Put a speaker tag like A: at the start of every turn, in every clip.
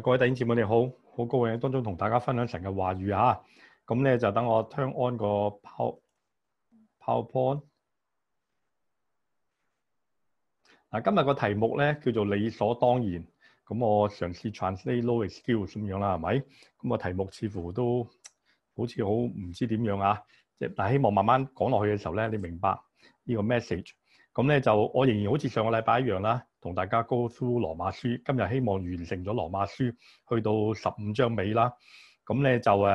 A: 各位弟兄姊妹，你好！好高興當中同大家分享神嘅話語啊！咁咧就等我 turn on 個 PowerPoint。嗱，今日個題目咧叫做理所當然。咁我嘗試 translate Lewis 咁樣啦，係咪？咁個題目似乎都好似好唔知點樣啊！即係嗱，希望慢慢講落去嘅時候咧，你明白呢個 message。咁咧就我仍然好似上個禮拜一樣啦，同大家 go through 羅馬書。今日希望完成咗羅馬書，去到十五章尾啦。咁咧就誒，咁、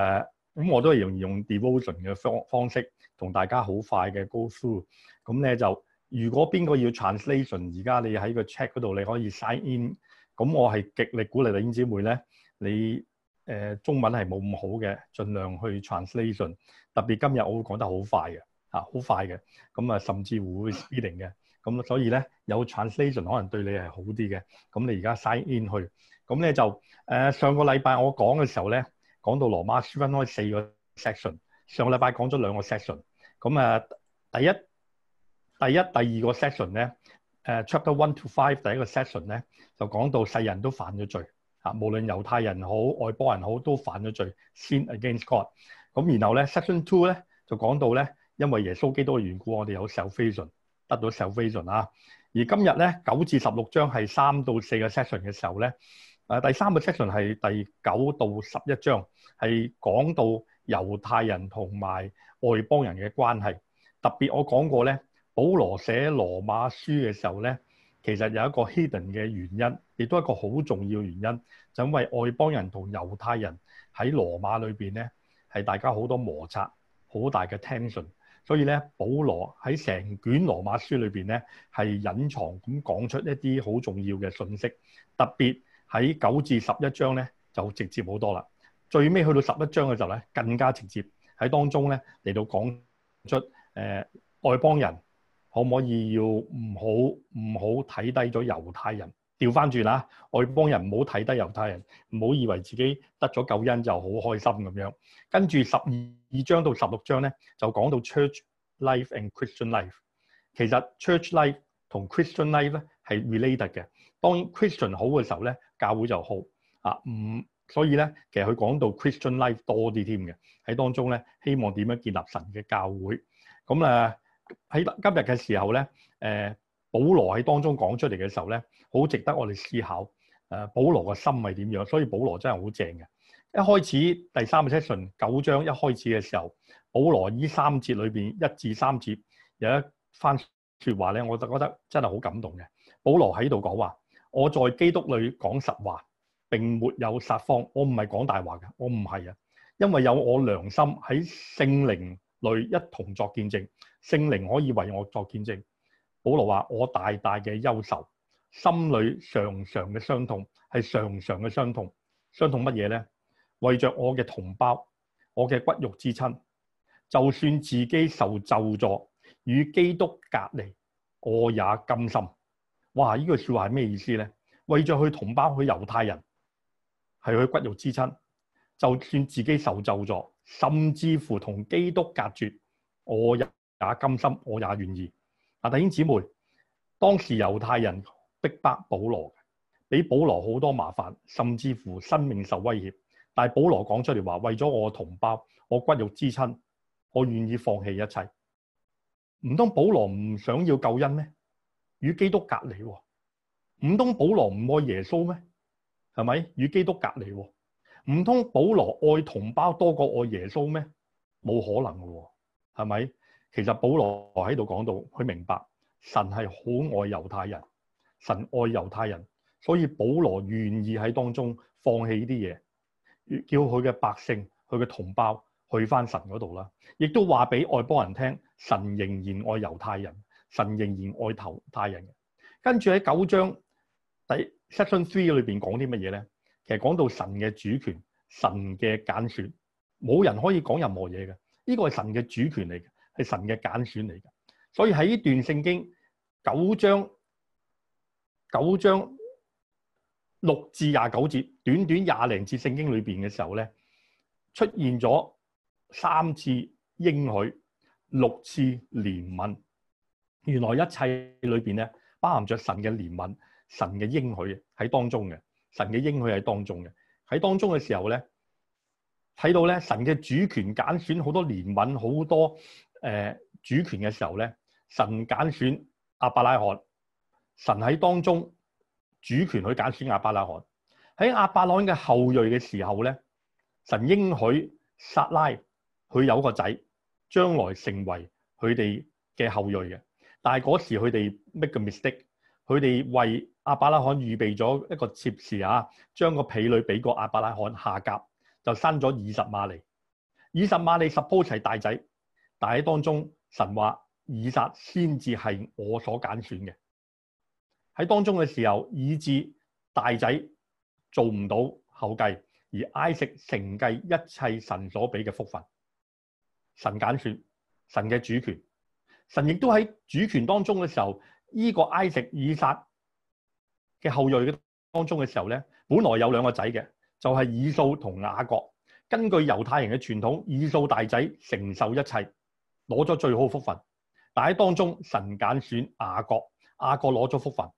A: 啊、我都仍然用，用 devotion 嘅方方式，同大家好快嘅 go through。咁咧就，如果邊個要 translation，而家你喺個 check 嗰度你可以 sign in。咁我係極力鼓勵你，英姐妹咧，你誒、呃、中文係冇咁好嘅，儘量去 translation。特別今日我會講得好快嘅。啊，好快嘅咁啊，甚至乎會 speeding 嘅咁，所以咧有 translation 可能對你係好啲嘅。咁、啊、你而家 sign in 去，咁咧就誒、啊、上個禮拜我講嘅時候咧，講到羅馬書分開四個 section。上個禮拜講咗兩個 section，咁啊第一第一第二個 section 咧誒、啊、chapter one to five 第一個 section 咧就講到世人都犯咗罪啊，無論猶太人好外邦人好都犯咗罪，sin against God、啊。咁然後咧 section two 咧就講到咧。因為耶穌基督嘅緣故，我哋有 salvation，得到 salvation 啊！而今日咧，九至十六章係三到四個 session 嘅時候咧，啊第三個 session 係第九到十一章係講到猶太人同埋外邦人嘅關係。特別我講過咧，保羅寫羅馬書嘅時候咧，其實有一個 hidden 嘅原因，亦都係一個好重要嘅原因，就是、因為外邦人同猶太人喺羅馬裏邊咧係大家好多摩擦，好大嘅 tension。所以呢，保羅喺成卷羅馬書裏邊呢，係隱藏咁講出一啲好重要嘅信息，特別喺九至十一章呢，就直接好多啦。最尾去到十一章嘅時候呢，更加直接，喺當中呢，嚟到講出誒、呃、外邦人可唔可以要唔好唔好睇低咗猶太人。調翻轉啦，外邦人唔好睇低猶太人，唔好以為自己得咗救恩就好開心咁樣。跟住十二章到十六章咧，就講到 Church life and Christian life。其實 Church life 同 Christian life 咧係 related 嘅。當然 Christian 好嘅時候咧，教會就好啊。嗯，所以咧其實佢講到 Christian life 多啲添嘅喺當中咧，希望點樣建立神嘅教會咁啊，喺今日嘅時候咧，誒、呃。保羅喺當中講出嚟嘅時候咧，好值得我哋思考。誒、呃，保羅嘅心係點樣？所以保羅真係好正嘅。一開始第三個節，九章一開始嘅時候，保羅呢三節裏邊一至三節有一番說話咧，我就覺得真係好感動嘅。保羅喺度講話：我在基督裏講實話，並沒有撒謊。我唔係講大話嘅，我唔係啊，因為有我良心喺聖靈裏一同作見證，聖靈可以為我作見證。保羅話：我大大嘅憂愁，心裏常常嘅傷痛，係常常嘅傷痛。傷痛乜嘢咧？為着我嘅同胞，我嘅骨肉之親，就算自己受咒咗，與基督隔離，我也甘心。哇！呢句說話係咩意思咧？為着佢同胞，佢猶太人，係佢骨肉之親，就算自己受咒咗，甚至乎同基督隔絕，我也甘心，我也願意。弟兄姊妹，當時猶太人逼迫，迫保羅，俾保羅好多麻煩，甚至乎生命受威脅。但係保羅講出嚟話：為咗我同胞，我骨肉之親，我願意放棄一切。唔通保羅唔想要救恩咩？與基督隔離喎？唔通保羅唔愛耶穌咩？係咪？與基督隔離喎？唔通保羅愛同胞多過愛耶穌咩？冇可能嘅喎，係咪？其實保羅喺度講到，佢明白神係好愛猶太人，神愛猶太人，所以保羅願意喺當中放棄呢啲嘢，叫佢嘅百姓、佢嘅同胞去翻神嗰度啦。亦都話俾外邦人聽，神仍然愛猶太人，神仍然愛猶太人。跟住喺九章第七 section three 裏邊講啲乜嘢咧？其實講到神嘅主權，神嘅揀選，冇人可以講任何嘢嘅。呢個係神嘅主權嚟。係神嘅揀選嚟㗎，所以喺呢段聖經九章九章六至廿九節，短短廿零節聖經裏邊嘅時候咧，出現咗三次應許，六次憐憫。原來一切裏邊咧，包含着神嘅憐憫、神嘅應許喺當中嘅，神嘅應許喺當中嘅。喺當中嘅時候咧，睇到咧神嘅主權揀選好多憐憫好多。誒、呃、主權嘅時候咧，神揀選阿伯拉罕，神喺當中主權去揀選阿伯拉罕。喺阿伯拉罕嘅後裔嘅時候咧，神應許撒拉佢有個仔，將來成為佢哋嘅後裔嘅。但係嗰時佢哋 make a mistake，佢哋為阿伯拉罕預備咗一個妾侍啊，將個婢女俾個阿伯拉罕下嫁，就生咗以實瑪利。以實瑪利 support 齊大仔。但喺當中，神話以撒先至係我所揀選嘅。喺當中嘅時候，以至大仔做唔到後繼，而以撒承繼一切神所俾嘅福分。神揀選神嘅主權，神亦都喺主權當中嘅時候，呢、這個以撒以撒嘅後裔嘅當中嘅時候咧，本來有兩個仔嘅，就係、是、以掃同雅各。根據猶太人嘅傳統，以掃大仔承受一切。攞咗最好福分，但喺當中神揀選雅各，雅各攞咗福分，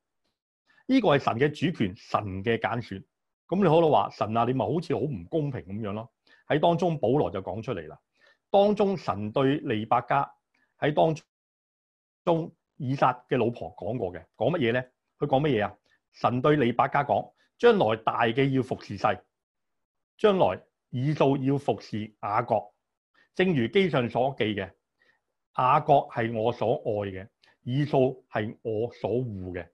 A: 呢個係神嘅主權，神嘅揀選。咁你可能話神啊，你咪好似好唔公平咁樣咯？喺當中保羅就講出嚟啦，當中神對利百加喺當中以撒嘅老婆講過嘅，講乜嘢咧？佢講乜嘢啊？神對利百加講，將來大嘅要服侍細，將來以掃要服侍雅各，正如經上所記嘅。雅各係我所愛嘅，以掃係我所護嘅。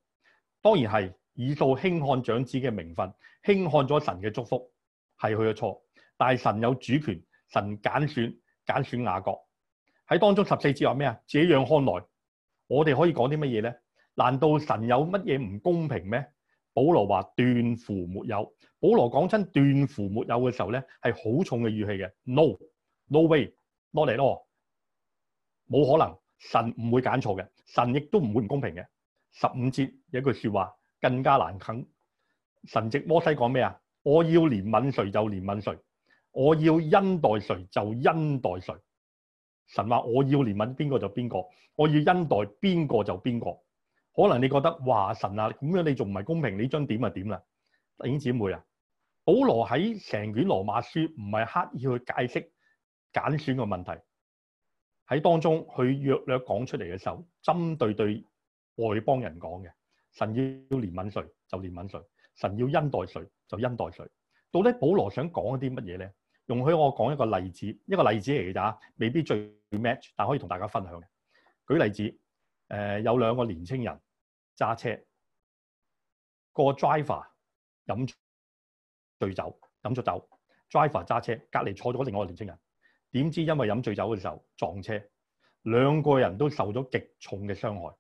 A: 當然係以掃輕看長子嘅名分，輕看咗神嘅祝福，係佢嘅錯。但係神有主權，神揀選揀選雅各喺當中十四節話咩啊？這樣看來，我哋可以講啲乜嘢咧？難道神有乜嘢唔公平咩？保羅話斷乎沒有。保羅講真斷乎沒有嘅時候咧，係好重嘅語氣嘅。No，no way，not at all。冇可能，神唔會揀錯嘅，神亦都唔會唔公平嘅。十五節有句說話更加難啃。神直摩西講咩啊？我要憐憫誰就憐憫誰，我要恩待誰就恩待誰。神話我要憐憫邊個就邊個，我要恩待邊個就邊個。可能你覺得哇，神啊，咁樣你仲唔係公平？你將點就點啦，弟兄姊妹啊。保羅喺成卷羅馬書唔係刻意去解釋揀選嘅問題。喺當中佢約略講出嚟嘅時候，針對對外邦人講嘅，神要憐憫誰就憐憫誰，神要恩待誰就恩待誰。到底保羅想講一啲乜嘢咧？容許我講一個例子，一個例子嚟嘅咋，未必最 match，但可以同大家分享嘅。舉例子，誒，有兩個年青人揸車，個 driver 飲醉酒，飲咗酒，driver 揸車，隔籬坐咗另外一個年青人。點知因為飲醉酒嘅時候撞車，兩個人都受咗極重嘅傷害，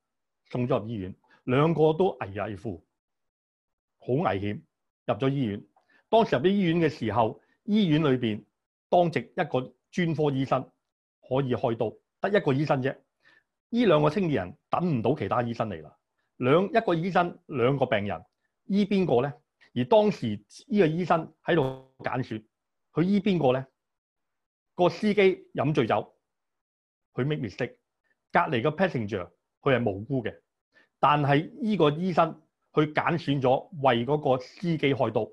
A: 送咗入醫院，兩個都危危乎，好危險，入咗醫院。當時入咗醫院嘅時候，醫院裏邊當值一個專科醫生可以開刀，得一個醫生啫。呢兩個青年人等唔到其他醫生嚟啦，兩一個醫生兩個病人，醫邊個咧？而當時呢個醫生喺度揀選，佢醫邊個咧？個司機飲醉酒，佢 make mistake，隔籬個 passenger 佢係無辜嘅。但係呢個醫生佢揀選咗為嗰個司機開刀，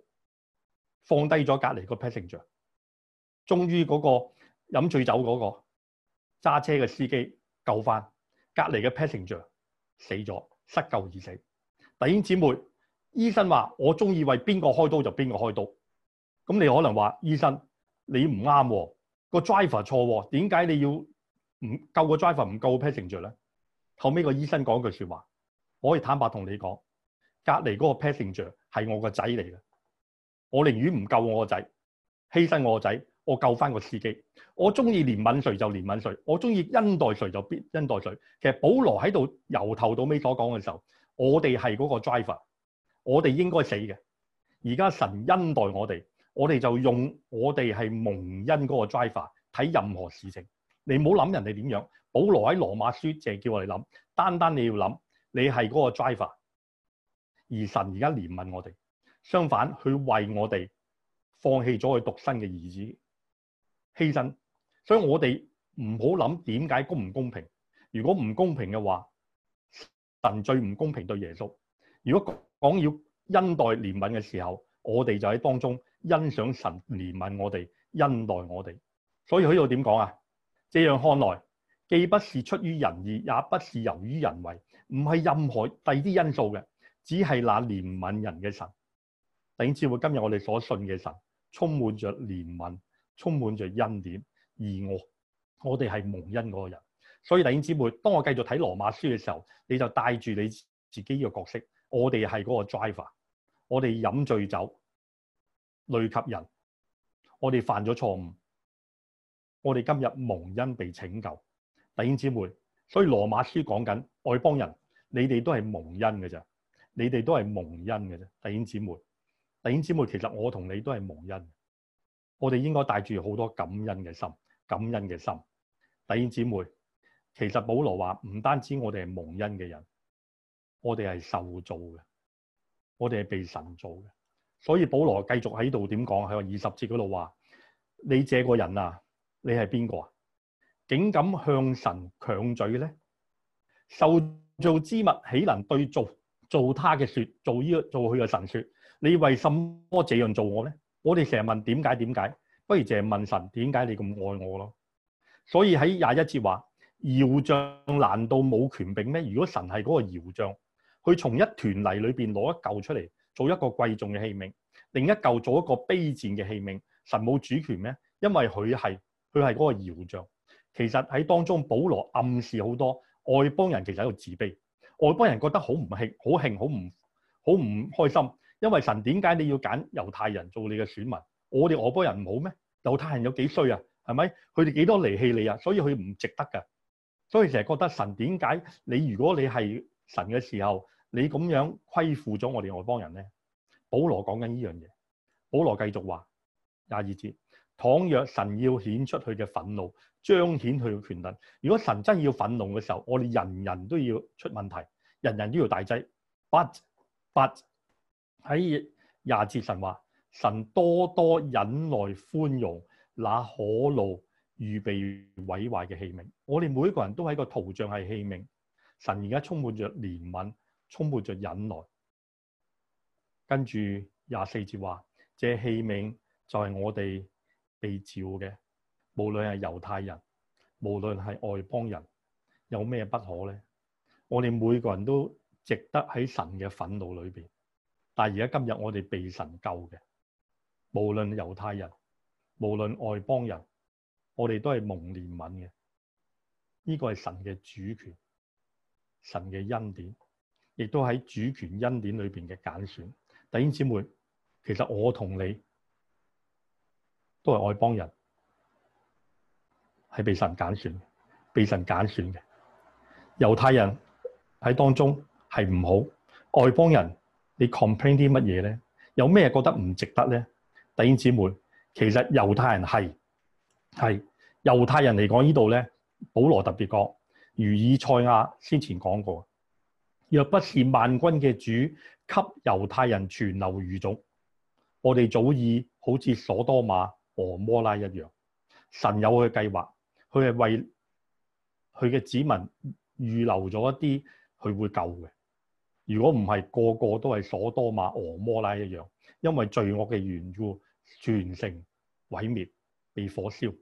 A: 放低咗隔籬個 passenger。終於嗰個飲醉酒嗰個揸車嘅司機救翻，隔籬嘅 passenger 死咗，失救而死。弟兄姊妹，醫生話我中意為邊個開刀就邊個開刀，咁你可能話醫生你唔啱啊。個 driver 錯喎，點解你要唔救個 driver，唔救 passenger 咧？後尾個醫生講句説話，我可以坦白同你講，隔離嗰個 passenger 係我個仔嚟嘅。我寧願唔救我個仔，犧牲我個仔，我救翻個司機。我中意憐憫誰就憐憫誰，我中意恩待誰就必恩待誰。其實保羅喺度由頭到尾所講嘅時候，我哋係嗰個 driver，我哋應該死嘅，而家神恩待我哋。我哋就用我哋係蒙恩嗰個 driver 睇任何事情。你唔好諗人哋點樣。保羅喺羅馬書淨係叫我哋諗，單單你要諗你係嗰個 driver。而神而家憐憫我哋，相反佢為我哋放棄咗佢獨生嘅兒子犧牲。所以我哋唔好諗點解公唔公平。如果唔公平嘅話，神最唔公平對耶穌。如果講要恩待憐憫嘅時候，我哋就喺當中。欣賞神憐憫我哋，恩待我哋，所以佢又點講啊？這樣看來，既不是出於人意，也不是由於人為，唔係任何第二啲因素嘅，只係那憐憫人嘅神。弟兄姊妹，今日我哋所信嘅神，充滿着憐憫，充滿着恩典，而我我哋係蒙恩嗰個人。所以弟兄姊妹，當我繼續睇羅馬書嘅時候，你就帶住你自己呢個角色，我哋係嗰個 driver，我哋飲醉酒。累及人，我哋犯咗錯誤，我哋今日蒙恩被拯救。弟兄姊妹，所以羅馬書講緊外邦人，你哋都係蒙恩嘅咋。你哋都係蒙恩嘅啫。弟兄姊妹，弟兄姊妹，其實我同你都係蒙恩，我哋應該帶住好多感恩嘅心，感恩嘅心。弟兄姊妹，其實保羅話唔單止我哋係蒙恩嘅人，我哋係受造嘅，我哋係被神造嘅。所以保羅繼續喺度點講，喺個二十節嗰度話：你這個人啊，你係邊個啊？竟敢向神強嘴咧？受造之物豈能對造造他嘅說，做呢個做佢嘅神說？你為什麼這樣做我咧？我哋成日問點解點解，不如成日問神點解你咁愛我咯？所以喺廿一節話：窯匠難道冇權柄咩？如果神係嗰個窯匠，佢從一團泥裏邊攞一嚿出嚟。做一個貴重嘅器皿，另一嚿做一個卑賤嘅器皿。神冇主權咩？因為佢係佢係嗰個窯匠。其實喺當中，保羅暗示好多外邦人其實喺度自卑。外邦人覺得好唔興，好興，好唔好唔開心。因為神點解你要揀猶太人做你嘅選民？我哋外邦人唔好咩？猶太人有幾衰啊？係咪佢哋幾多離棄你啊？所以佢唔值得㗎。所以成日覺得神點解你如果你係神嘅時候，你咁樣虧負咗我哋外邦人呢？保羅講緊呢樣嘢。保羅繼續話廿二節：倘若神要顯出佢嘅憤怒，彰顯佢嘅權能，如果神真要憤怒嘅時候，我哋人人都要出問題，人人都要大劑。But but 喺廿二節神話，神多多忍耐寬容那可怒預備毀壞嘅器皿。我哋每一個人都係個圖像係器皿。神而家充滿着憐憫。」充滿着忍耐，跟住廿四節話，這器皿就係我哋被召嘅，無論係猶太人，無論係外邦人，有咩不可呢？我哋每個人都值得喺神嘅憤怒裏面。但係而家今日我哋被神救嘅，無論猶太人，無論外邦人，我哋都係蒙憐憫嘅。呢個係神嘅主權，神嘅恩典。亦都喺主權恩典裏面嘅揀選，弟兄姊妹，其實我同你都係外邦人，係被神揀選嘅，被神揀選嘅。猶太人喺當中係唔好，外邦人你 complain 啲乜嘢咧？有咩覺得唔值得呢？弟兄姊妹，其實猶太人係係猶太人嚟講呢度呢，保羅特別講，如以賽亞先前講過。若不是萬軍嘅主給猶太人存留餘種，我哋早已好似索多瑪俄摩拉一樣。神有佢計劃，佢係為佢嘅子民預留咗一啲佢會救嘅。如果唔係個個都係索多瑪俄摩拉一樣，因為罪惡嘅緣故，全城毀滅被火燒。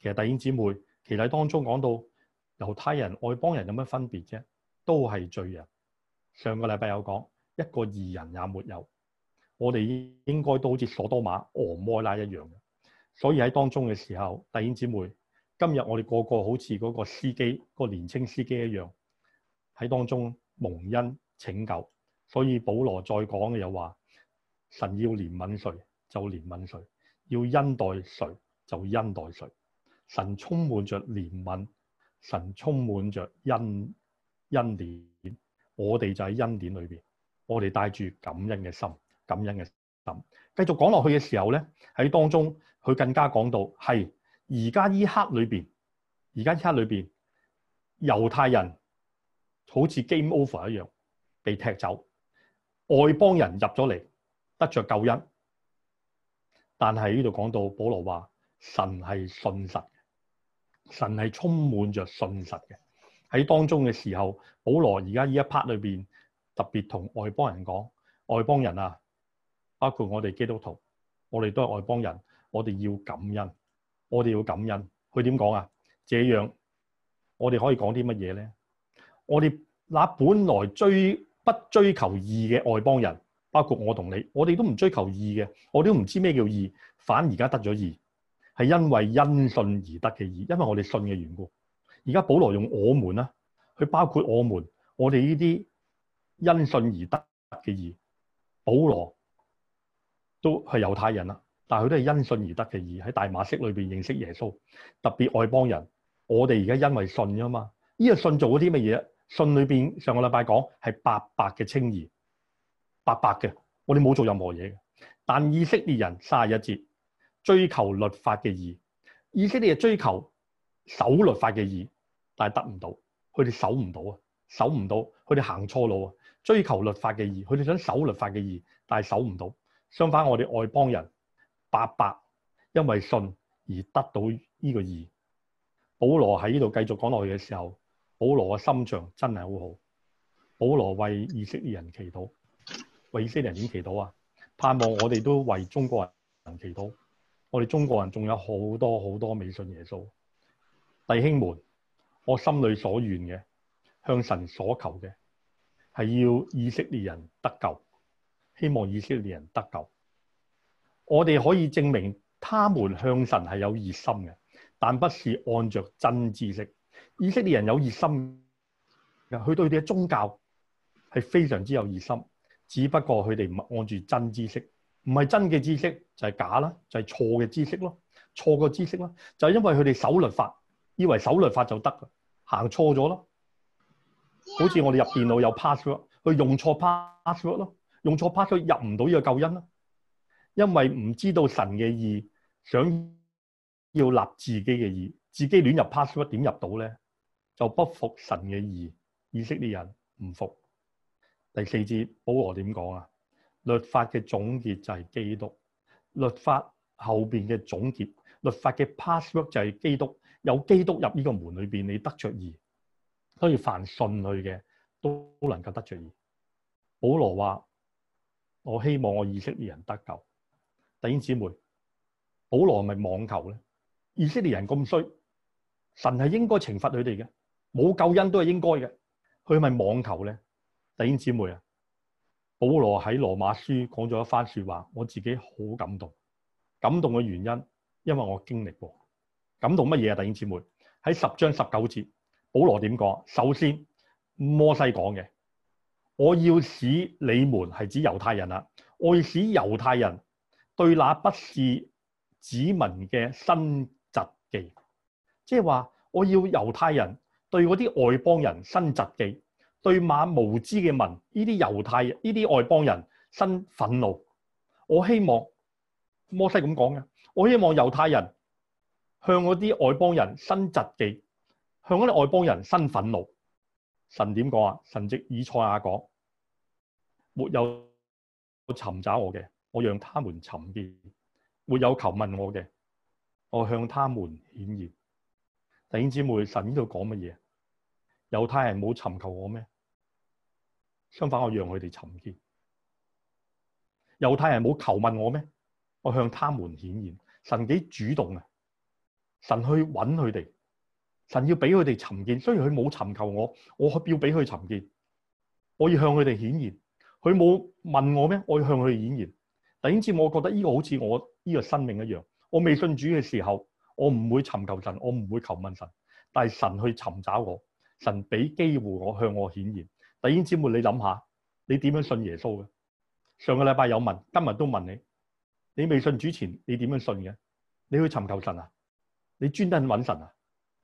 A: 其實弟兄姊妹，其實當中講到猶太人外邦人有乜分別啫？都係罪人。上個禮拜有講一個義人也沒有，我哋應該都好似索多瑪俄摩拉一樣。所以喺當中嘅時候，弟兄姊妹，今日我哋個個好似嗰個司機、嗰個年青司機一樣喺當中蒙恩拯救。所以保羅再講嘅又話：神要憐憫誰就憐憫誰，要恩待誰就恩待誰。神充滿着憐憫，神充滿着恩恩典。我哋就喺恩典裏面，我哋帶住感恩嘅心、感恩嘅心，繼續講落去嘅時候呢，喺當中佢更加講到係而家呢刻裏面，而家呢刻裏面，猶太人好似 game over 一樣被踢走，外邦人入咗嚟得着救恩，但係呢度講到保羅話神係信實，神係充滿着信實嘅。喺當中嘅時候，保羅而家呢一 part 裏面特別同外邦人講，外邦人啊，包括我哋基督徒，我哋都係外邦人，我哋要感恩，我哋要感恩。佢點講啊？這樣我哋可以講啲乜嘢咧？我哋那本來追不追求義嘅外邦人，包括我同你，我哋都唔追求義嘅，我們都唔知咩叫義，反而而家得咗義，係因為因信而得嘅義，因為我哋信嘅緣故。而家保羅用我們啦，佢包括我們，我哋呢啲因信而得嘅義，保羅都係猶太人啦，但係佢都係因信而得嘅義，喺大馬色裏邊認識耶穌，特別外邦人。我哋而家因為信啊嘛，依、這個信做咗啲咩嘢？信裏面上個禮拜講係白白嘅稱義，白白嘅，我哋冇做任何嘢。但以色列人三十一節追求律法嘅義，以色列人追求。守律法嘅義，但係得唔到，佢哋守唔到守唔到，佢哋行錯路啊！追求律法嘅義，佢哋想守律法嘅義，但係守唔到。相反我哋愛，我哋外邦人白白，因為信而得到呢個義。保羅喺呢度繼續講落去嘅時候，保羅嘅心腸真係好好。保羅為以色列人祈禱，為以色列人點祈禱啊？盼望我哋都為中國人祈禱。我哋中國人仲有好多好多未信耶穌。弟兄們，我心裏所願嘅，向神所求嘅係要以色列人得救，希望以色列人得救。我哋可以證明，他們向神係有熱心嘅，但不是按著真知識。以色列人有熱心，去到佢哋嘅宗教係非常之有熱心，只不過佢哋唔按住真知識，唔係真嘅知識就係假啦，就係錯嘅知識咯，錯嘅知識啦，就係因為佢哋守律法。以為守律法就得嘞，行錯咗咯。好似我哋入電腦有 password，去用錯 password 咯，用錯 password 入唔到呢個救恩咯。因為唔知道神嘅義，想要立自己嘅義，自己亂入 password 點入到呢？就不服神嘅義。以色列人唔服。第四節，保羅點講啊？律法嘅總結就係基督，律法後面嘅總結，律法嘅 password 就係基督。有基督入呢個門裏面，你得着義，所以凡信佢嘅都能夠得着義。保羅話：我希望我以色列人得救。弟兄姊妹，保羅咪妄求呢？以色列人咁衰，神係應該懲罰佢哋嘅，冇救恩都係應該嘅，佢咪妄求呢？弟兄姊妹啊，保羅喺羅馬書講咗一番說話，我自己好感動，感動嘅原因，因為我經歷過。感到乜嘢啊？弟兄姊妹，喺十章十九節，保羅點講？首先摩西講嘅，我要使你們，係指猶太人啦，我要使猶太人對那不是子民嘅新疾忌，即係話我要猶太人對嗰啲外邦人新疾忌，對馬無知嘅民，呢啲猶太、呢啲外邦人新憤怒。我希望摩西咁講嘅，我希望猶太人。向嗰啲外邦人伸嫉妒，向嗰啲外邦人伸憤怒。神點講啊？神藉以賽亞講：沒有尋找我嘅，我讓他們尋見；沒有求問我嘅，我向他們顯現。弟兄姊妹，神呢度講乜嘢？猶太人冇尋求我咩？相反，我讓佢哋尋見。猶太人冇求問我咩？我向他們顯現。神幾主動啊！神去搵佢哋，神要俾佢哋尋見，雖然佢冇尋求我，我要俾佢尋見，我要向佢哋顯現。佢冇問我咩？我要向佢哋顯現。弟兄姊妹，我覺得呢個好似我呢個生命一樣，我未信主嘅時候，我唔會尋求神，我唔會求問神，但係神去尋找我，神俾機會我，向我顯現。弟兄姊妹，你諗下，你點樣信耶穌嘅？上個禮拜有問，今日都問你，你未信主前你點樣信嘅？你去尋求神啊？你專登揾神啊！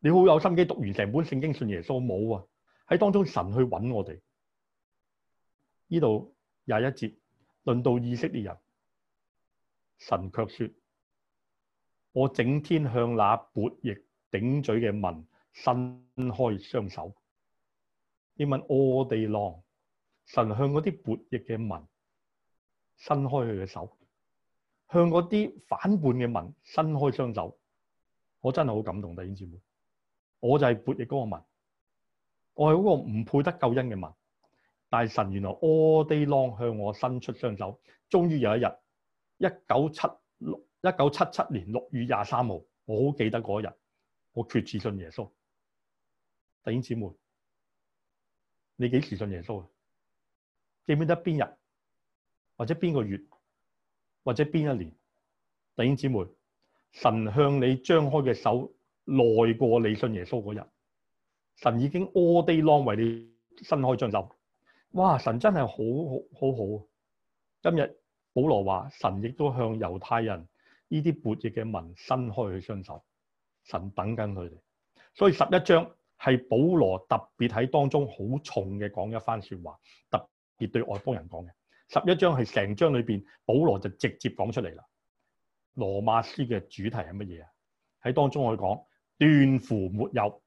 A: 你好有心機讀完成本聖經信耶穌冇啊？喺當中神去揾我哋，呢度廿一節論到以色列人，神卻說：我整天向那悖逆頂嘴嘅民伸開雙手。英文 all day long，神向嗰啲悖逆嘅民伸開佢嘅手，向嗰啲反叛嘅民伸開雙手。我真係好感動，弟兄姊妹，我就係悖逆嗰個民，我係嗰個唔配得救恩嘅民，但係神原來 all day long 向我伸出雙手，終於有一日，一九七六一九七七年六月廿三號，我好記得嗰一日，我決志信耶穌。弟兄姊妹，你幾時信耶穌？記唔記得邊日，或者邊個月，或者邊一年？弟兄姊妹。神向你張開嘅手，耐過你信耶穌嗰日，神已經 all day long 為你伸開雙手。哇，神真係好好好。今日保羅話，神亦都向猶太人呢啲悖逆嘅民伸開佢雙手，神等緊佢哋。所以十一章係保羅特別喺當中好重嘅講一番說話，特別對外邦人講嘅。十一章係成章裏邊，保羅就直接講出嚟啦。羅馬書嘅主題係乜嘢啊？喺當中我去講，斷乎沒有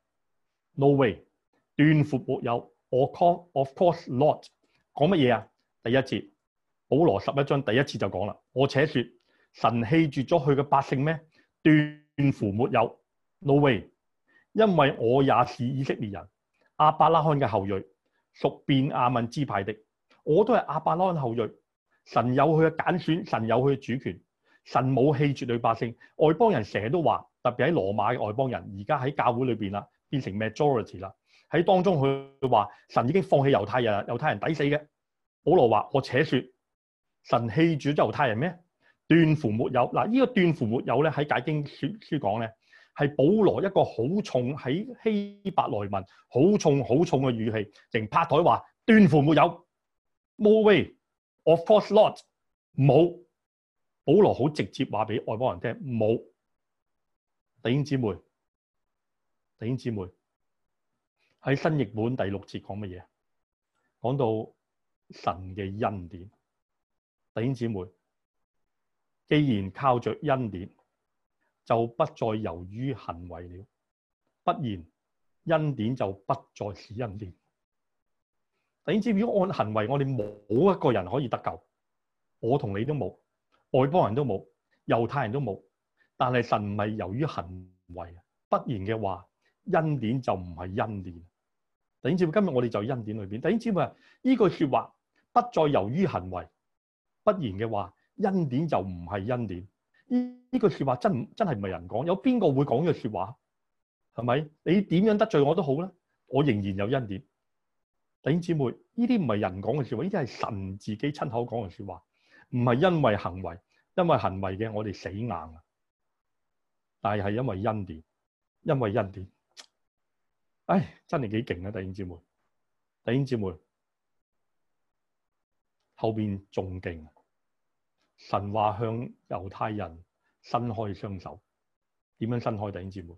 A: ，no way，斷乎沒有，of course not。講乜嘢啊？第一節，保羅十一章第一節就講啦。我且説，神棄絕咗佢嘅百姓咩？斷乎沒有，no way。因為我也是以色列人，亞伯拉罕嘅後裔，屬便雅憫支派的，我都係亞伯拉罕後裔。神有佢嘅揀選，神有佢嘅主權。神冇棄絕你百姓，外邦人成日都話，特別喺羅馬嘅外邦人，而家喺教會裏邊啦，變成 majority 啦，喺當中佢佢話神已經放棄猶太人，猶太人抵死嘅。保羅話：我且說，神棄絕猶太人咩？斷乎沒有。嗱，呢、這個斷乎沒有咧，喺解經書書講咧，係保羅一個好重喺希伯來文很重很重，好重好重嘅語氣，成拍台話：斷乎沒有，no way，of course not，冇。保羅好直接話俾外邦人聽：冇弟兄姊妹，弟兄姊妹喺新譯本第六節講乜嘢？講到神嘅恩典。弟兄姊妹，既然靠着恩典，就不再由於行為了；不然，恩典就不再是恩典。弟兄姊妹，如果按行為，我哋冇一個人可以得救，我同你都冇。外邦人都冇，猶太人都冇，但係神唔係由於行為，不然嘅話，恩典就唔係恩典。弟兄姊妹，今日我哋就喺恩典裏邊。弟兄姊妹，呢句説話不再由於行為，不然嘅話，恩典就唔係恩典。
B: 呢呢
A: 句説話真唔真係唔係人講？有邊個會講呢句説話？係咪？你點樣得罪我都好啦，我仍然有恩典。弟兄姊妹，呢啲唔係人講嘅説話，呢啲係神自己親口講嘅説話。唔係因為行為，因為行為嘅我哋死硬啊！但係係因為恩典，因為恩典，唉，真係幾勁啊！弟兄姊妹，弟兄姊妹，後邊仲勁啊！神話向猶太人伸開雙手，點樣伸開？弟兄姊妹，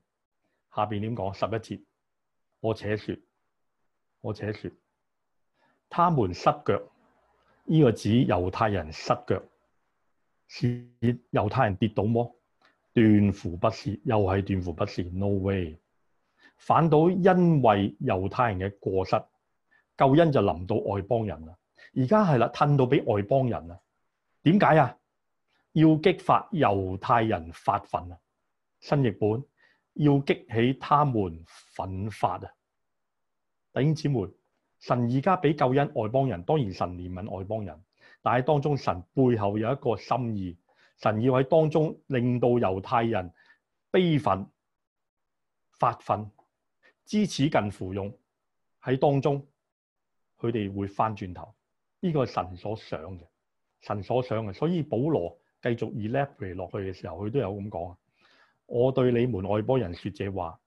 A: 下邊點講？十一節，我且說，我且說，他們失腳。呢個指猶太人失腳，是猶太人跌倒麼？斷乎不是，又係斷乎不是。No way！反倒因為猶太人嘅過失，救恩就臨到外邦人啦。而家係啦，輪到俾外邦人啦。點解啊？要激發猶太人發憤啊！新譯本要激起他們奮發啊！弟兄姊妹。神而家俾救恩外邦人，當然神憐憫外邦人，但係當中神背後有一個心意，神要喺當中令到猶太人悲憤、發憤、知恥近乎勇，喺當中，佢哋會翻轉頭。呢個係神所想嘅，神所想嘅，所以保羅繼續 elaborate 落去嘅時候，佢都有咁講啊。我對你們外邦人說這話。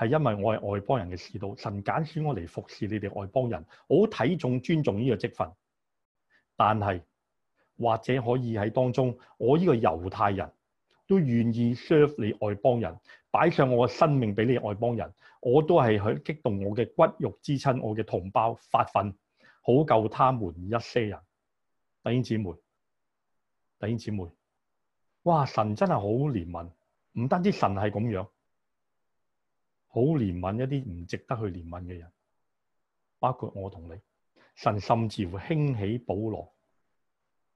A: 係因為我係外邦人嘅使徒，神揀選我嚟服侍你哋外邦人，我好睇重尊重呢個職分。但係或者可以喺當中，我呢個猶太人都願意 serve 你外邦人，擺上我嘅生命俾你外邦人，我都係去激動我嘅骨肉之親，我嘅同胞發憤，好救他們一些人。弟兄姊妹，弟兄姊妹，哇！神真係好憐憫，唔單止神係咁樣。好憐憫一啲唔值得去憐憫嘅人，包括我同你，神甚至乎興起保羅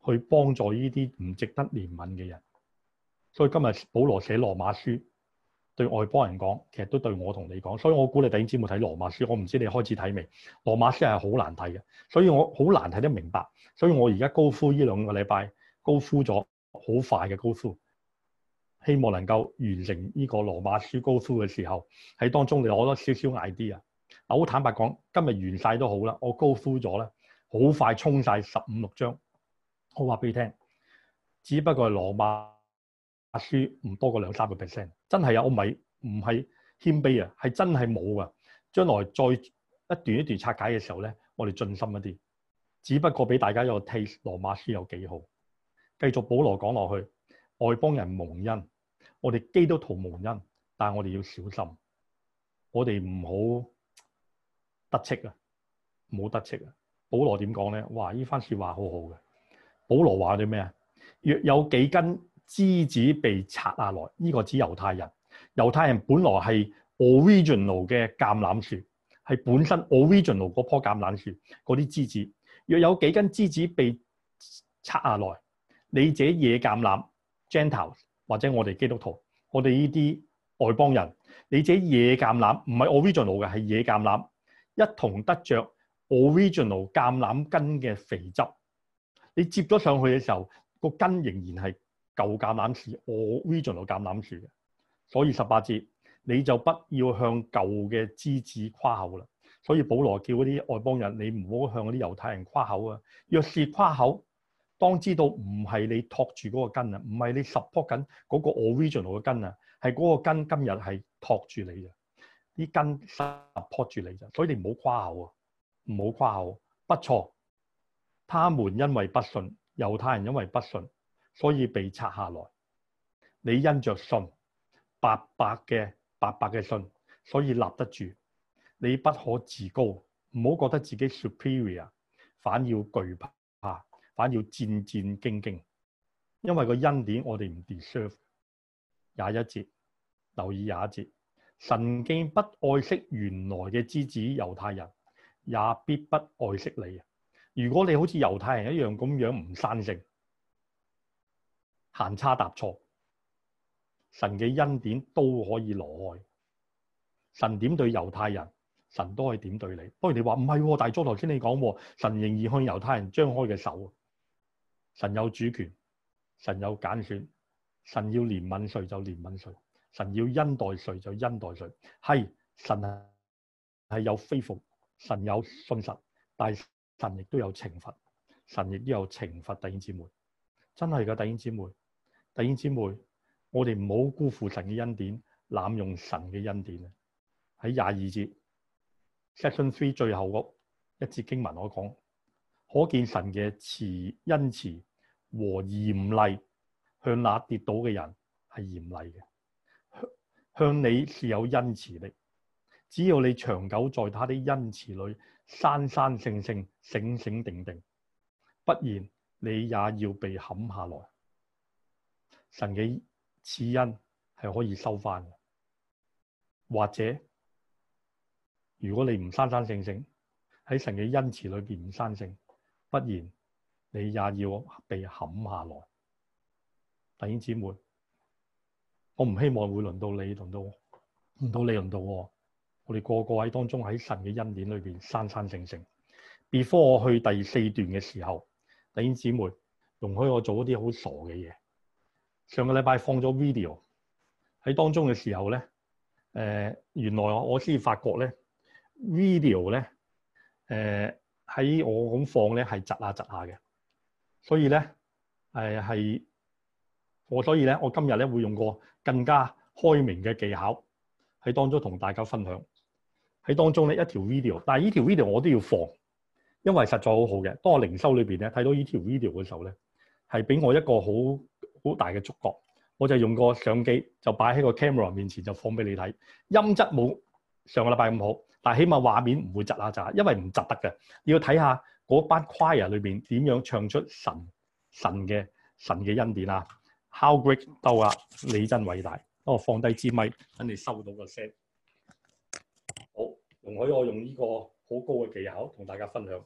A: 去幫助呢啲唔值得憐憫嘅人，所以今日保羅寫羅馬書對外邦人講，其實都對我同你講，所以我估你哋唔知有冇睇羅馬書，我唔知你開始睇未？羅馬書係好難睇嘅，所以我好難睇得明白，所以我而家高呼呢兩個禮拜高呼咗好快嘅高呼。希望能夠完成呢個羅馬書 go through 嘅時候，喺當中你攞多少少 idea 啊！好坦白講，今日完晒都好啦，我 go through 咗咧，好快沖晒十五六章。好話俾你聽，只不過係羅馬書唔多過兩三個 percent，真係啊！我唔係唔係謙卑啊，係真係冇噶。將來再一段一段拆解嘅時候咧，我哋盡心一啲。只不過俾大家有個 taste 羅馬書有幾好，繼續保羅講落去，外邦人蒙恩。我哋基督徒無恩，但係我哋要小心，我哋唔好得戚啊，冇得戚啊！保羅點講咧？哇！呢番説話好好嘅。保羅話啲咩啊？若有幾根枝子被拆下來，呢個指猶太人。猶太人本來係 original 嘅橄欖樹，係本身 original 嗰棵橄欖樹嗰啲枝子。若有幾根枝子被拆下來，你者野橄欖 gentle。Gentiles, 或者我哋基督徒，我哋呢啲外邦人，你自己野橄欖，唔係我 original 嘅，係野橄欖，一同得着我 original 橄欖根嘅肥汁，你接咗上去嘅時候，個根仍然係舊橄欖樹，我 original 橄欖樹嘅。所以十八節你就不要向舊嘅枝子誇口啦。所以保羅叫嗰啲外邦人，你唔好向嗰啲猶太人誇口啊。若是誇口，當知道唔係你托住嗰個根啊，唔係你 support 緊嗰個 original 嘅根啊，係嗰個根今日係托住你嘅。啲根 support 住你嘅，所以你唔好誇口啊，唔好誇口，不錯。他們因為不信，猶太人因為不信，所以被拆下來。你因着信，白白嘅白白嘅信，所以立得住。你不可自高，唔好覺得自己 superior，反要懼怕。反而要戰戰兢兢，因為個恩典我哋唔 deserve。廿一節，留意廿一節，神既不愛惜原來嘅枝子猶太人，也必不愛惜你。如果你好似猶太人一樣咁樣唔生性，行差踏錯，神嘅恩典都可以挪開。神點對猶太人，神都可以點對你。不過你話唔係，但係主頭先你講，神仍然向猶太人張開嘅手。神有主權，神有揀選，神要憐憫誰就憐憫誰，神要恩待誰就恩待誰。係神係有非復，神有信實，但係神亦都有懲罰，神亦都有懲罰。弟兄姊妹，真係噶，弟兄姊妹，弟兄姊妹，我哋唔好辜負神嘅恩典，濫用神嘅恩典啊！喺廿二節 section three 最後嗰一節經文我講，我講。可見神嘅慈恩慈和嚴厲，向那跌倒嘅人係嚴厲嘅。向，向你是有恩慈的，只要你長久在他啲恩慈裏，生生性性，醒醒定定，不然你也要被砍下來。神嘅慈恩係可以收返嘅，或者如果你唔生生性性喺神嘅恩慈裏面唔生性。不然你也要被砍下來，弟兄姊妹，我唔希望會輪到你輪到我，輪到你輪到我。我哋個個喺當中喺神嘅恩典裏面生生性性。Before 我去第四段嘅時候，弟兄姊妹，容許我做一啲好傻嘅嘢。上個禮拜放咗 video 喺當中嘅時候呢，誒、呃，原來我先發覺呢 video 呢。誒、呃。喺我咁放咧，係窒下窒下嘅，所以咧，誒係我所以咧，我今日咧會用個更加開明嘅技巧喺當中同大家分享。喺當中咧一條 video，但係呢條 video 我都要放，因為實在好好嘅。當我靈修裏邊咧睇到呢條 video 嘅時候咧，係俾我一個好好大嘅觸覺。我就用個相機就擺喺個 camera 面前就放俾你睇，音質冇上個禮拜咁好。但起碼畫面唔會窒下窒，因為唔窒得㗎。你要睇下嗰班 choir 裏邊點樣唱出神神嘅神嘅恩典啊！How great thou art，你真偉大。我、哦、放低支咪，等你收到個聲音。好，容許我用呢個好高嘅技巧同大家分享。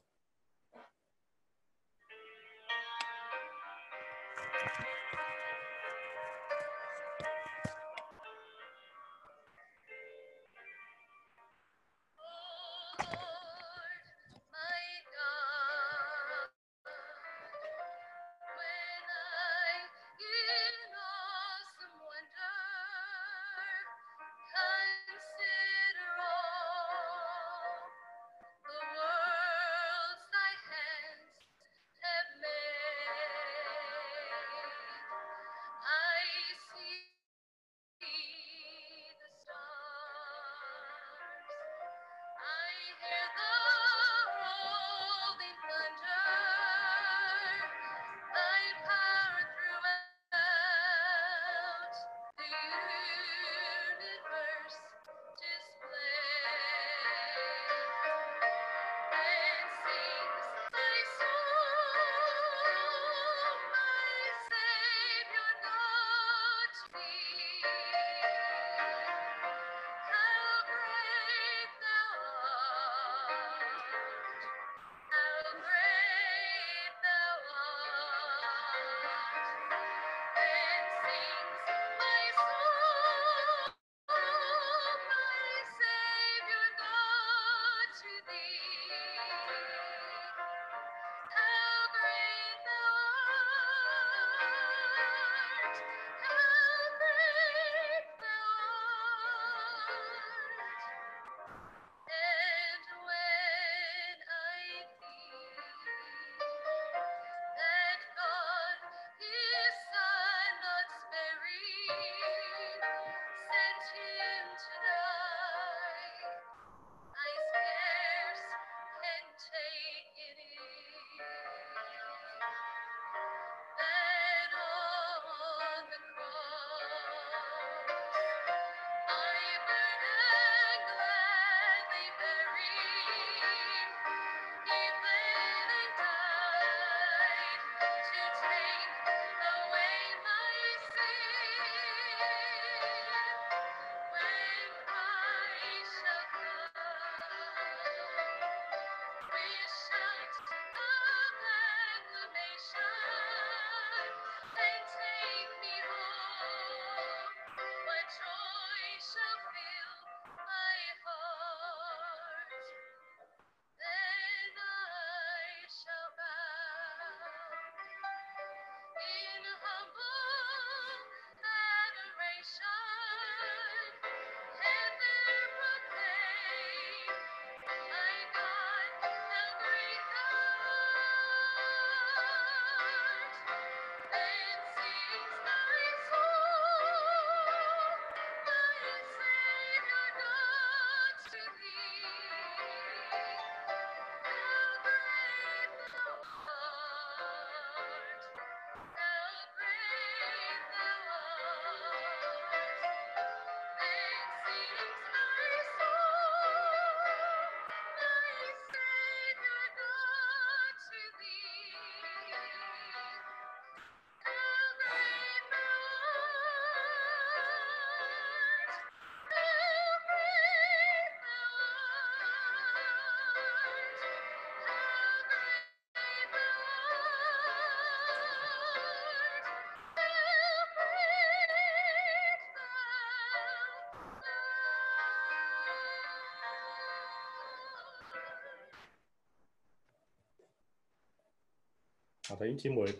A: 啊！弟兄姊妹，誒，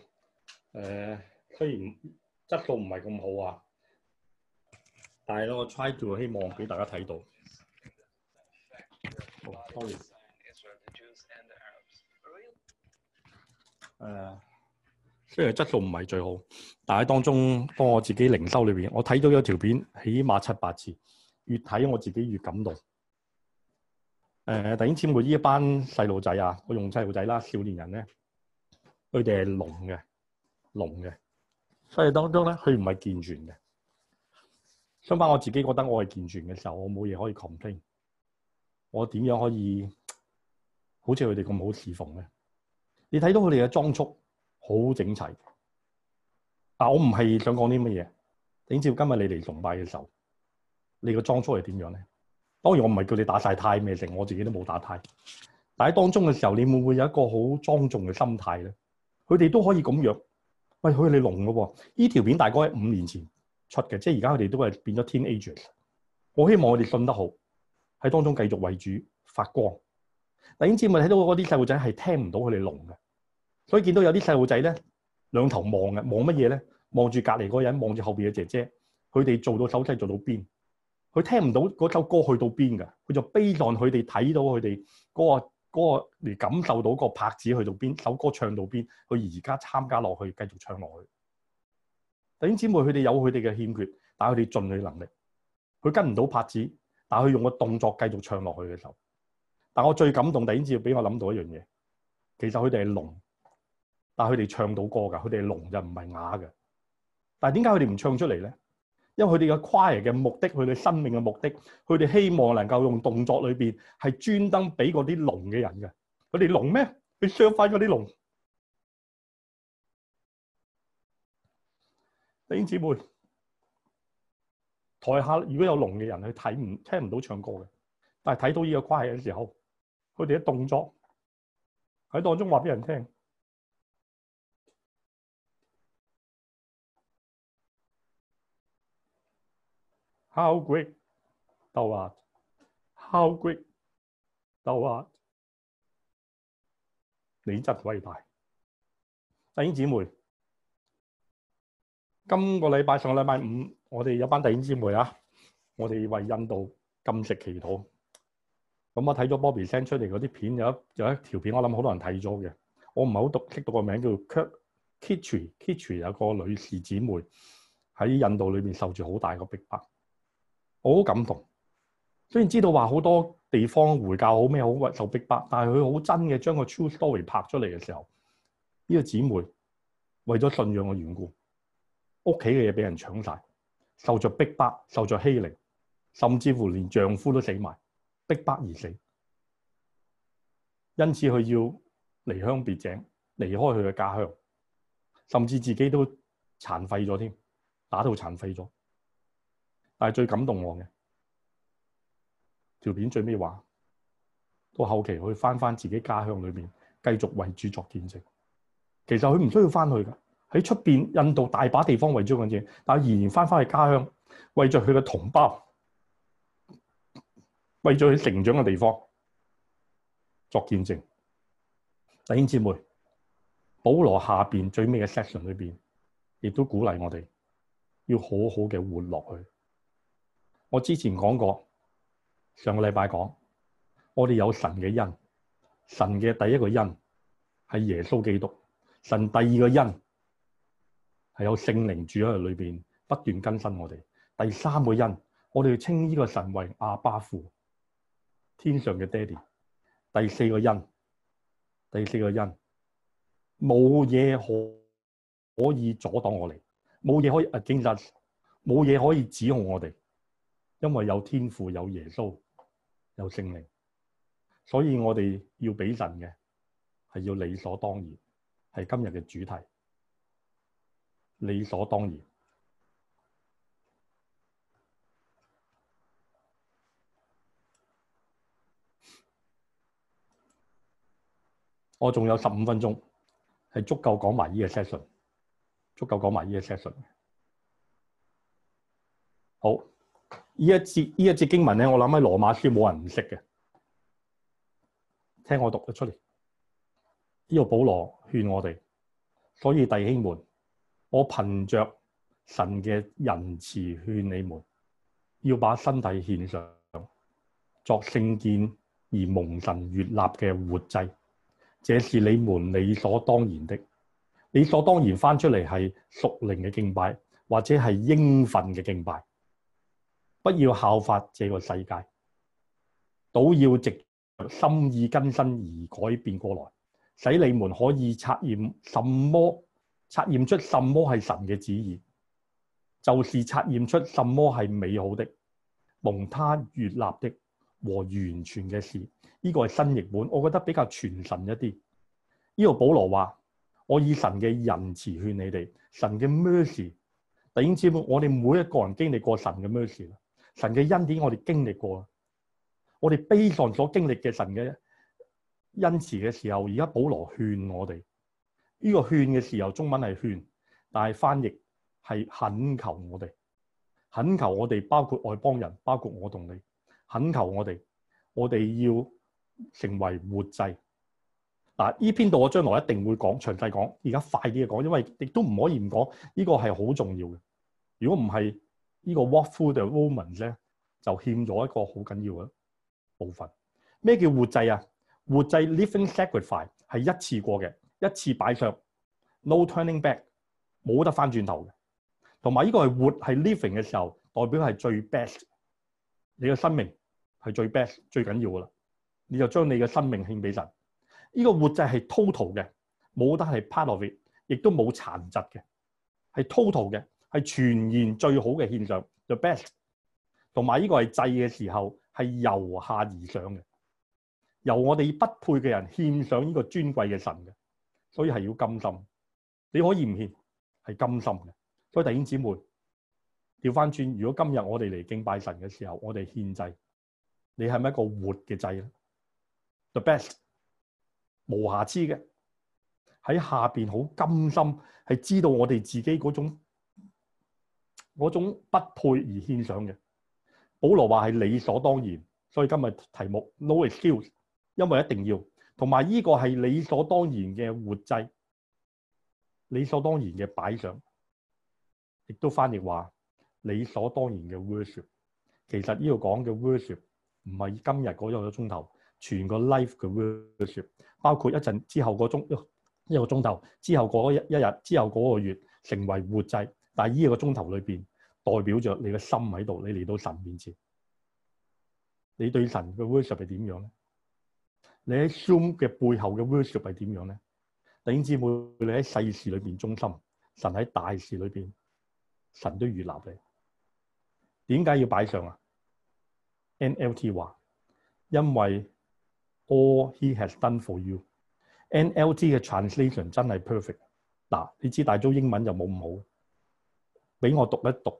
A: 雖然質素唔係咁好啊，但係我 try 做希望俾大家睇到。
B: 誒、
A: 哦呃，雖然質素唔係最好，但係當中當我自己靈修裏面，我睇到有條片，起碼七八次，越睇我自己越感動。誒、呃，弟兄姊妹，呢一班細路仔啊，我用細路仔啦，少年人咧。佢哋係聾嘅，聾嘅。所以當中呢，佢唔係健全嘅。相反，我自己覺得我係健全嘅時候，我冇嘢可以 complain。我點樣可以好似佢哋咁好侍奉呢？你睇到佢哋嘅裝束好整齊，但我唔係想講啲乜嘢。正照今日你嚟崇拜嘅時候，你個裝束係點樣呢？當然我唔係叫你打曬呔咩成，我自己都冇打呔。但係當中嘅時候，你會唔會有一個好莊重嘅心態呢？佢哋都可以咁樣，喂，佢哋聾噶喎，依條片大概喺五年前出嘅，即係而家佢哋都係變咗 teenagers。我希望我哋信得好，喺當中繼續為主發光。嗱，今次咪睇到嗰啲細路仔係聽唔到佢哋聾嘅，所以見到有啲細路仔咧兩頭望嘅，望乜嘢咧？望住隔離嗰人，望住後邊嘅姐姐。佢哋做到手勢做到邊？佢聽唔到嗰首歌去到邊嘅？佢就悲壯，佢哋睇到佢哋嗰個。嗰個嚟感受到個拍子去到邊，首歌唱到邊，佢而家參加落去，繼續唱落去。弟兄姊妹，佢哋有佢哋嘅欠缺，但係佢哋盡佢能力。佢跟唔到拍子，但係佢用個動作繼續唱落去嘅時候。但我最感動，弟兄姊妹俾我諗到一樣嘢，其實佢哋係聾，但係佢哋唱到歌㗎，佢哋係聾就唔係啞嘅。但係點解佢哋唔唱出嚟咧？因為佢哋嘅跨越嘅目的，佢哋生命嘅目的，佢哋希望能夠用動作裏面係專登俾嗰啲聾嘅人嘅，佢哋聾咩？佢傷翻咗啲聾弟兄姊妹，台下如果有聾嘅人，佢睇唔聽唔到唱歌嘅，但係睇到呢個跨越嘅時候，佢哋啲動作喺當中話俾人聽。
B: h o How great Thou art，How
A: great Thou art，你真偉大。弟兄姊妹，今個禮拜，上個禮拜五，我哋有班弟兄姊妹啊，我哋為印度禁食祈禱。咁、嗯、我睇咗 Bobby send 出嚟嗰啲片，有一有一條片我，我諗好多人睇咗嘅。我唔係好讀識到個名叫 Kitchy Kitchy 有個女士姊妹喺印度裏面受住好大嘅逼迫。我好感動，雖然知道話好多地方回教好咩好受逼迫，但係佢好真嘅將個 true story 拍出嚟嘅時候，呢、這個姐妹為咗信仰嘅緣故，屋企嘅嘢俾人搶晒，受著逼迫，受著欺凌，甚至乎連丈夫都死埋，逼迫而死。因此佢要離鄉別井，離開佢嘅家鄉，甚至自己都殘廢咗添，打到殘廢咗。但係最感動我嘅條片最尾話，到後期佢翻翻自己家鄉裏面，繼續為主作見證。其實佢唔需要翻去㗎，喺出邊印度大把地方為中國人證，但係仍然翻翻去家鄉，為咗佢嘅同胞，為咗佢成長嘅地方作見證。弟兄姐妹，保羅下面最尾嘅 section 裏面，亦都鼓勵我哋要好好嘅活落去。我之前講過，上個禮拜講，我哋有神嘅恩，神嘅第一個恩係耶穌基督，神第二個恩係有聖靈住喺佢裏邊不斷更新我哋，第三個恩我哋要稱呢個神為阿爸父，天上嘅爹地。第四個恩，第四個恩冇嘢可可以阻擋我哋，冇嘢可以誒，警察，冇嘢可以指控我哋。因為有天父、有耶穌、有聖靈，所以我哋要俾神嘅係要理所當然，係今日嘅主題。理所當然，我仲有十五分鐘，係足夠講埋呢個 session，足夠講埋呢個 session。好。呢一節呢一節經文咧，我諗喺羅馬書冇人唔識嘅。聽我讀咗出嚟，呢個保羅勸我哋，所以弟兄們，我憑着神嘅仁慈勸你們，要把身體獻上作聖潔而蒙神悅納嘅活祭，這是你們理所當然的。理所當然翻出嚟係屬靈嘅敬拜，或者係應份嘅敬拜。不要效法這個世界，倒要藉心意更新而改變過來，使你們可以測驗什麼，測驗出什麼係神嘅旨意，就是測驗出什麼係美好的、蒙他悅納的和完全嘅事。呢個係新譯本，我覺得比較傳神一啲。呢度保羅話：我以神嘅仁慈勸你哋，神嘅 mercy。第二我哋每一個人經歷過神嘅 mercy。神嘅恩典我哋經歷過啦，我哋悲喪所經歷嘅神嘅恩慈嘅時候，而家保羅勸我哋，呢個勸嘅時候，中文係勸，但係翻譯係懇求我哋，懇求我哋包括外邦人，包括我同你，懇求我哋，我哋要成為活祭。嗱，呢篇度我將來一定會講詳細講，而家快啲嘅講，因為亦都唔可以唔講，呢個係好重要嘅。如果唔係，呢個 walk through the woman 咧就欠咗一個好緊要嘅部分。咩叫活祭啊？活祭 living sacrifice 係一次過嘅，一次擺上，no turning back，冇得翻轉頭嘅。同埋呢個係活係 living 嘅時候，代表係最 best，你嘅生命係最 best 最緊要噶啦。你就將你嘅生命獻俾神。呢個活祭係 total 嘅，冇得係 part of it，亦都冇殘疾嘅，係 total 嘅。係全然最好嘅獻上，the best。同埋呢個係祭嘅時候係由下而上嘅，由我哋不配嘅人獻上呢個尊貴嘅神嘅，所以係要甘心。你可以唔獻，係甘心嘅。所以弟兄姊妹掉返轉，如果今日我哋嚟敬拜神嘅時候，我哋獻祭，你係咪一個活嘅祭咧？the best，無瑕疵嘅喺下邊好甘心，係知道我哋自己嗰種。嗰種不配而獻上嘅，保羅話係理所當然，所以今日題目 no excuse，因為一定要，同埋呢個係理所當然嘅活祭，理所當然嘅擺上，亦都翻譯話理所當然嘅 worship。其實呢個講嘅 worship 唔係今日嗰一個鐘頭，全個 life 嘅 worship，包括一陣之後個鐘一個鐘頭之後嗰一一日之後嗰個月成為活祭，但係呢個鐘頭裏邊。代表着你嘅心喺度，你嚟到神面前，你對神嘅 worship 係點樣咧？你喺 Zoom 嘅背後嘅 worship 係點樣咧？點知每你喺世事裏邊忠心，神喺大事裏邊，神都預立你。點解要擺上啊？NLT 話，因為 all he has done for you，NLT 嘅 translation 真係 perfect。嗱，你知大都英文就冇咁好，俾我讀一讀。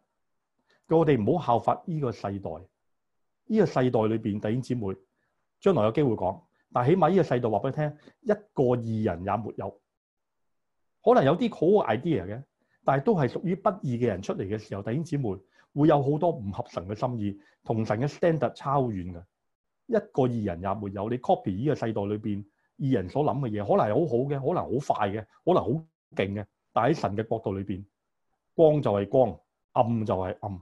A: 叫我哋唔好效法呢個世代，呢個世代裏邊弟兄姊妹，將來有機會講，但係起碼呢個世代話俾你聽，一個義人也沒有。可能有啲好嘅 idea 嘅，但係都係屬於不義嘅人出嚟嘅時候，弟兄姊妹會有好多唔合神嘅心意，同神嘅 standard 超遠嘅。一個義人也沒有，你 copy 呢個世代裏邊義人所諗嘅嘢，可能係好好嘅，可能好快嘅，可能好勁嘅，但係喺神嘅角度裏邊，光就係光，暗就係暗。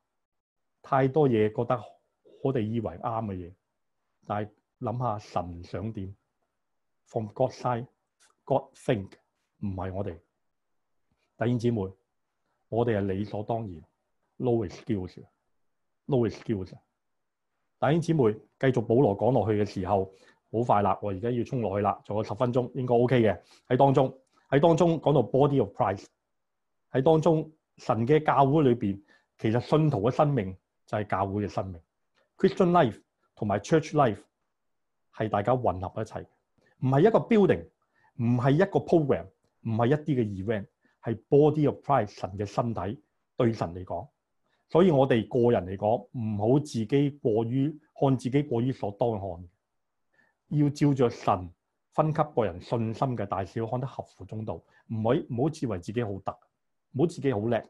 A: 太多嘢，覺得我哋以為啱嘅嘢，但係諗下神想點。From God's side, God think 唔係我哋。弟兄姊妹，我哋係理所當然。lowest skills, lowest skills。弟兄姊妹，繼續保羅講落去嘅時候，好快啦。我而家要衝落去啦，仲有十分鐘應該 O K 嘅。喺當中，喺當中講到 Body of Christ，喺當中神嘅教會裏邊，其實信徒嘅生命。就係教會嘅生命，Christian life 同埋 Church life 係大家混合一齊，唔係一個 building，唔係一個 program，唔係一啲嘅 event，係 body of Christ 神嘅身體。對神嚟講，所以我哋個人嚟講，唔好自己過於看自己過於所當看，要照着神分給個人信心嘅大小，看得合乎中道。唔好唔好自以為自己好得，唔好自己好叻，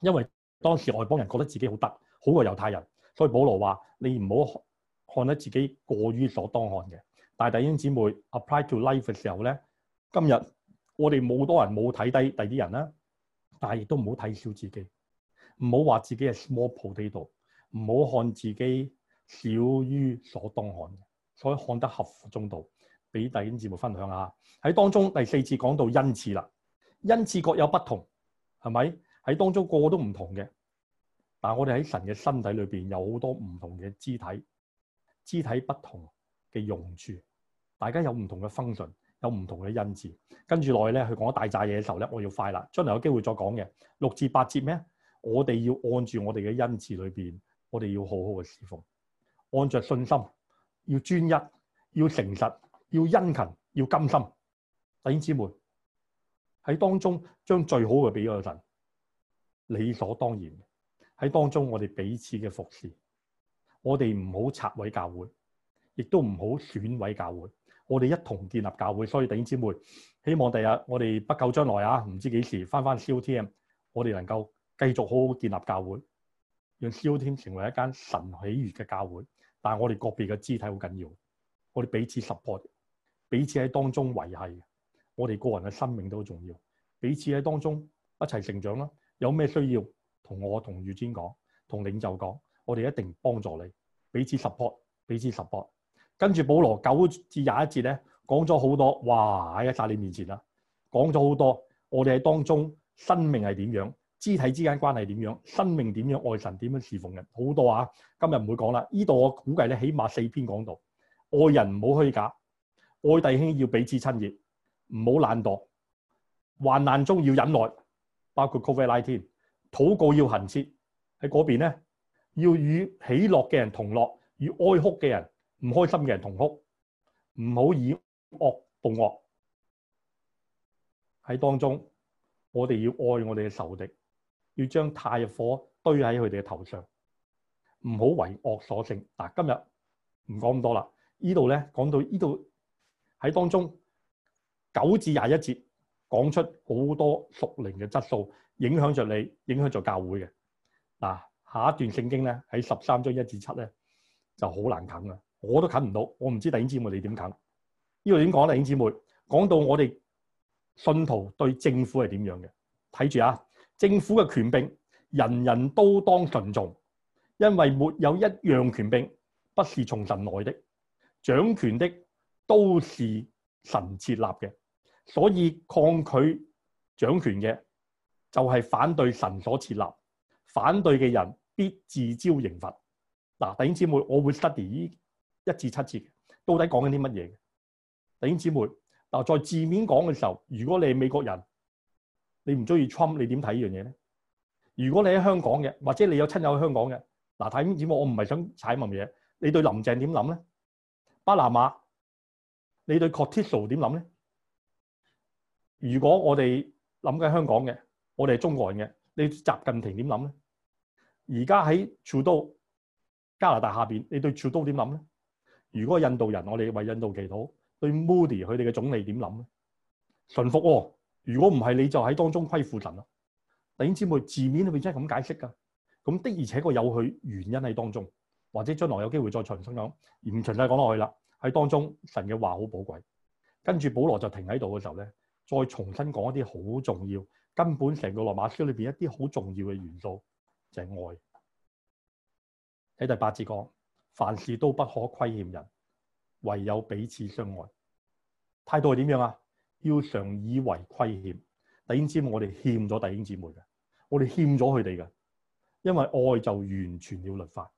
A: 因為當時外邦人覺得自己好得。好過猶太人，所以保羅話：你唔好看得自己過於所當看嘅。但係弟兄姊妹 apply to life 嘅時候咧，今日我哋冇多人冇睇低第啲人啦，但係亦都唔好睇小自己，唔好話自己係 small potato，唔好看自己少於所當看嘅，所以看得合乎中道。俾弟兄姊妹分享下，喺當中第四次講到恩賜啦，恩賜各有不同，係咪喺當中個個都唔同嘅？但係我哋喺神嘅身體裏邊有好多唔同嘅肢體，肢體不同嘅用處，大家有唔同嘅風順，有唔同嘅恩賜。跟住落去咧，佢講一大扎嘢嘅時候咧，我要快啦。將來有機會再講嘅六至八節咩？我哋要按住我哋嘅恩賜裏邊，我哋要好好嘅侍奉，按着信心，要專一，要誠實，要殷勤，要甘心。弟兄姊妹喺當中將最好嘅俾咗個神，理所當然。喺當中我，我哋彼此嘅服侍，我哋唔好拆毀教會，亦都唔好損毀教會。我哋一同建立教會，所以弟兄姊妹，希望第日我哋不久將來啊，唔知幾時翻返 COTM，我哋能夠繼續好好建立教會，讓 COTM 成為一間神喜悅嘅教會。但係我哋個別嘅肢體好緊要，我哋彼此 support，彼此喺當中維繫，我哋個人嘅生命都好重要。彼此喺當中一齊成長啦，有咩需要？同我同宇娟講，同領袖講，我哋一定幫助你，彼此 support，彼此 support。跟住保羅九至廿一節咧，講咗好多，哇喺一撒你面前啦，講咗好多，我哋喺當中生命係點樣，肢體之間關係點樣，生命點樣，愛神點樣侍奉人，好多啊！今日唔會講啦，呢度我估計咧起碼四篇講到，愛人唔好虛假，愛弟兄要彼此親熱，唔好懶惰，患難中要忍耐，包括 COVID-19 添禱告要恆切喺嗰邊呢，要與喜樂嘅人同樂，與哀哭嘅人、唔開心嘅人同哭，唔好以惡報惡喺當中。我哋要愛我哋嘅仇敵，要將炭火堆喺佢哋嘅頭上，唔好為惡所勝。嗱，今日唔講咁多啦，呢度呢，講到呢度喺當中九至廿一節講出好多屬靈嘅質素。影響着你，影響着教會嘅。嗱，下一段聖經咧喺十三章一至七咧就好難啃啊！我都啃唔到，我唔知弟兄姊妹你點啃？呢度點講咧，弟兄姊妹，講到我哋信徒對政府係點樣嘅？睇住啊，政府嘅權柄，人人都當順從，因為沒有一樣權柄不是從神來的，掌權的都是神設立嘅，所以抗拒掌權嘅，就係反對神所設立，反對嘅人必自招刑罰。嗱，弟兄姊妹，我會 study 一至七節，到底講緊啲乜嘢？弟兄姊妹，嗱，在字面講嘅時候，如果你係美國人，你唔中意 Trump，你點睇呢樣嘢咧？如果你喺香港嘅，或者你有親友喺香港嘅，嗱，弟兄姊妹，我唔係想踩乜嘢。你對林鄭點諗咧？巴拿馬，你對 Cortizo 點諗咧？如果我哋諗緊香港嘅。我哋係中國人嘅，你習近平點諗咧？而家喺處都加拿大下面，你對處都點諗呢？如果印度人，我哋為印度祈禱，對 Moody 佢哋嘅總理點諗呢？順服哦！如果唔係，你就喺當中虧負神啦。你知唔知？字面係咪即係咁解釋噶？咁的而且確有佢原因喺當中，或者將來有機會再重新講，唔詳細講落去啦。喺當中神嘅話好寶貴，跟住保羅就停喺度嘅時候咧，再重新講一啲好重要。根本成個羅馬書裏邊一啲好重要嘅元素就係、是、愛。喺第八節講，凡事都不可虧欠人，唯有彼此相愛。態度係點樣啊？要常以為虧欠。弟兄姊，姊，姊妹，我哋欠咗弟兄姊妹嘅，我哋欠咗佢哋嘅，因為愛就完全要律法，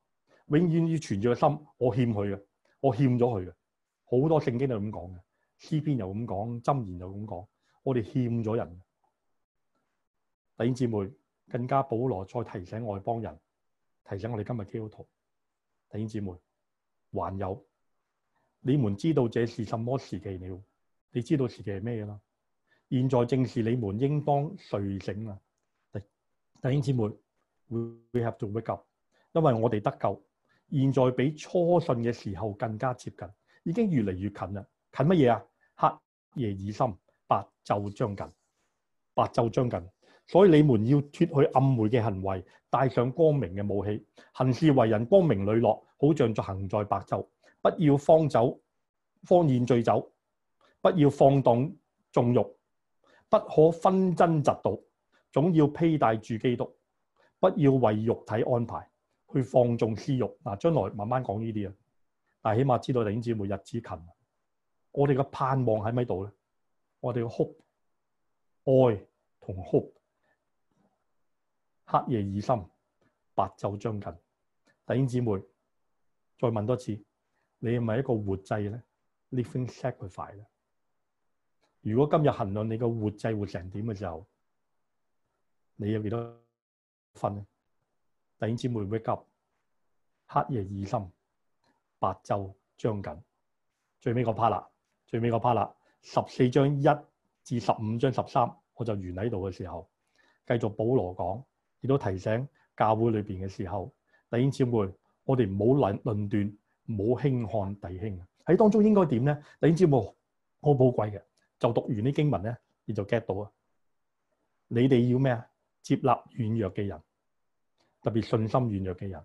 A: 永遠要存住個心，我欠佢嘅，我欠咗佢嘅。好多聖經都係咁講嘅，詩篇又咁講，箴言又咁講，我哋欠咗人。弟兄姊妹，更加保羅再提醒外邦人，提醒我哋今日基督徒，弟兄姊妹，還有，你們知道這是什麼時期了？你知道時期係咩啦？現在正是你們應當睡醒啦！弟兄姊妹，配合做乜急？因為我哋得救，現在比初信嘅時候更加接近，已經越嚟越近啦！近乜嘢啊？黑夜已深，白晝將近，白晝將近。所以你們要脫去暗昧嘅行為，帶上光明嘅武器，行事為人光明磊落，好像在行在白晝。不要荒酒、荒宴醉酒，不要放蕩縱欲，不可紛爭嫉妒，總要披戴住基督。不要為肉體安排去放縱私欲。嗱，將來慢慢講呢啲啊，但起碼知道弟兄姊妹日子近。我哋嘅盼望喺咪度咧？我哋嘅 hope，o 愛同 hope。黑夜已深，白晝將近。弟兄姊妹，再問多次，你係咪一個活祭咧？Living sacrifice 咧？如果今日衡量你個活祭活成點嘅時候，你有幾多分咧？弟兄姊妹，唔好急。黑夜已深，白晝將近。最尾個 part 啦，最尾個 part 啦，十四章一至十五章十三，我就完喺度嘅時候，繼續保羅講。亦都提醒教會裏面嘅時候，弟兄姊妹，我哋唔好論論斷，唔好輕看弟兄。喺當中應該點呢？弟兄姊妹，哦、好寶貴嘅，就讀完啲經文咧，你就 get 到啊！你哋要咩？接納軟弱嘅人，特別信心軟弱嘅人，